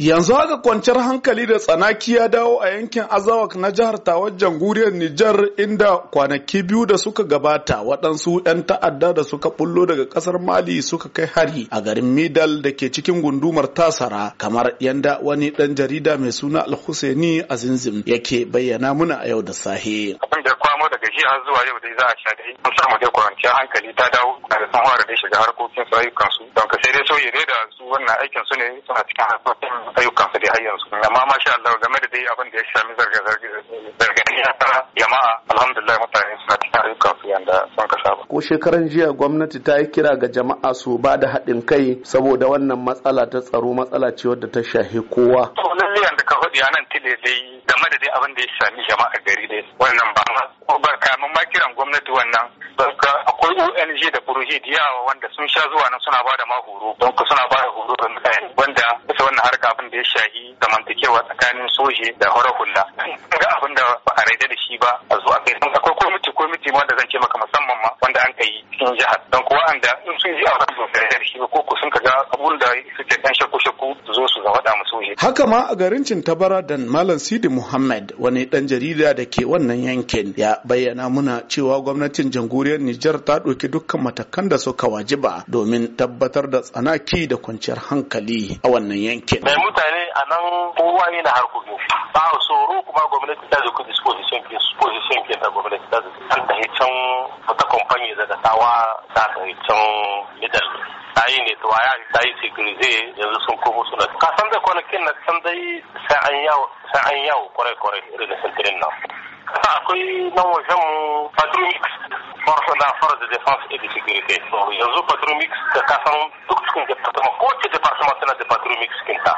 Yanzu haka kwanciyar hankali da tsanaki ya dawo a yankin Azawak na jihar Tawar jamhuriyar Nijar inda kwanaki biyu da suka gabata waɗansu 'yan ta'adda da suka bullo daga ƙasar Mali suka kai hari a garin Midal da ke cikin gundumar Tasara kamar yanda wani ɗan jarida mai suna Al-Husaini Azinzim yake bayyana muna a yau da sahe. Abin da gaji har zuwa yau dai za a sha dai mun samu dai kwanciyar hankali ta dawo da sun fara dai shiga harkokin su ayyukan su don ka sai dai sauye dai da su wannan aikin su ne suna cikin harkokin ayyukan su dai har yanzu amma masha Allah game da dai abin da ya sami zarga zarga zarga jama'a alhamdulillah mutane suna cikin ayyukan su yanda sun ka saba ko shekaran jiya gwamnati ta yi kira ga jama'a su ba da haɗin kai saboda wannan matsala ta tsaro matsala ce wadda ta shahi kowa to lalle yanda ka faɗi anan tile dai game da dai abin da ya sami jama'a gari dai wannan jihohi da yawa wanda sun sha zuwa nan suna bada ma horo don ku suna bada horo ga mutane wanda bisa wannan harka abin da ya shahi zamantakewa tsakanin soje da horar hula ga abin da ba a raida da shi ba a zuwa kai akwai komiti komiti wanda zan ce maka musamman ma wanda an kai cikin jihar don kuwa anda sun ji a wannan da shi ko ku sun kaga abun da suke dan shakku shakku zo su ka faɗa musu haka ma a garin Cintabara dan Malam Sidi Muhammad wani ɗan jarida da ke wannan yankin ya bayyana muna cewa gwamnatin jamhuriyar Nijar ta ɗauki dukkan matakan da suka wajiba domin tabbatar da tsanaki da kwanciyar hankali a wannan yankin mai mutane a nan kowa yana harkokin ba tsoro kuma gwamnati ta zuku disposition ke disposition ke da gwamnati ta zuku an da can wata kamfani daga tawa ta da can Nijar. sayi ne to ya sayi sikirize yanzu sun komo su ka san da kwanakin na san dai sai an yawo kwarai kwarai irin da santirin nan akwai nan wajen mu na force de défense et de sécurité to yanzu patrol mix da kasan duk cikin department ko ce department suna da patrol mix kinta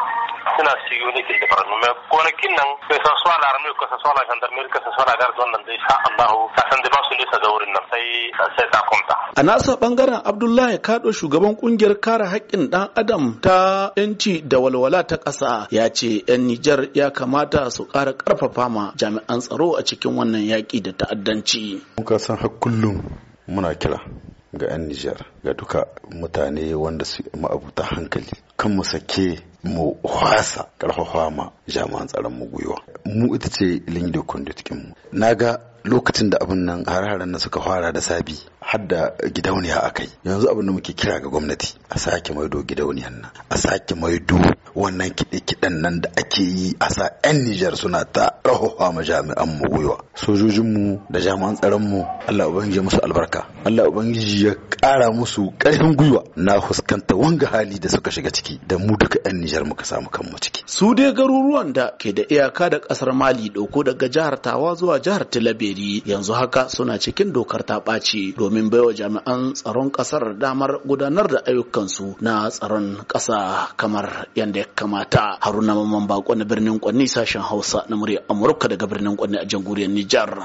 suna su unity department mai kwanakin nan bai san suwa laramai ko san suwa la gendarmerie ko san suwa la garde wannan dai sha Allah kasan de ba su nisa da wurin nan sai sai ta kwanta a nasa bangaren Abdullahi Kado shugaban kungiyar kare haƙƙin dan adam ta yanci da walwala ta ƙasa ya ce 'yan Nijar ya kamata su ƙara ƙarfafa ma jami'an tsaro a cikin wannan yaƙi da ta'addanci. ka san har muna kira ga 'yan Nijar ga duka mutane wanda su ma'abuta hankali kan mu sake mu hwasa karfafa ma jami'an tsaron mu gwiwa mu ita ce lingi da mu na ga lokacin da abin nan har-haren nan suka fara da sabi har da gidauniya a kai yanzu abin da muke kira ga gwamnati a sake maido gidauniyan nan a sake maido wannan kiɗe-kiɗen nan da ake yi a sa 'yan Nijar suna ta rahuwa ma jami'an mu gwiwa sojojinmu da jami'an tsaron mu Allah ubangiji musu albarka Allah ubangiji ya ƙara musu ƙarfin gwiwa na fuskanta wanga hali da suka shiga ciki da mu duka 'yan Nijar muka samu kanmu ciki. Su dai garuruwan da ke da iyaka da kasar Mali dauko daga jihar Tawa zuwa jihar Tilaberi yanzu haka suna cikin dokar ta ɓaci domin baiwa jami'an tsaron kasar damar gudanar da ayyukansu na tsaron ƙasa kamar yadda ya kamata. Haruna Mamman Bako na birnin Kwanni sashen Hausa na murya Amurka daga birnin Kwanni a jamhuriyar Nijar.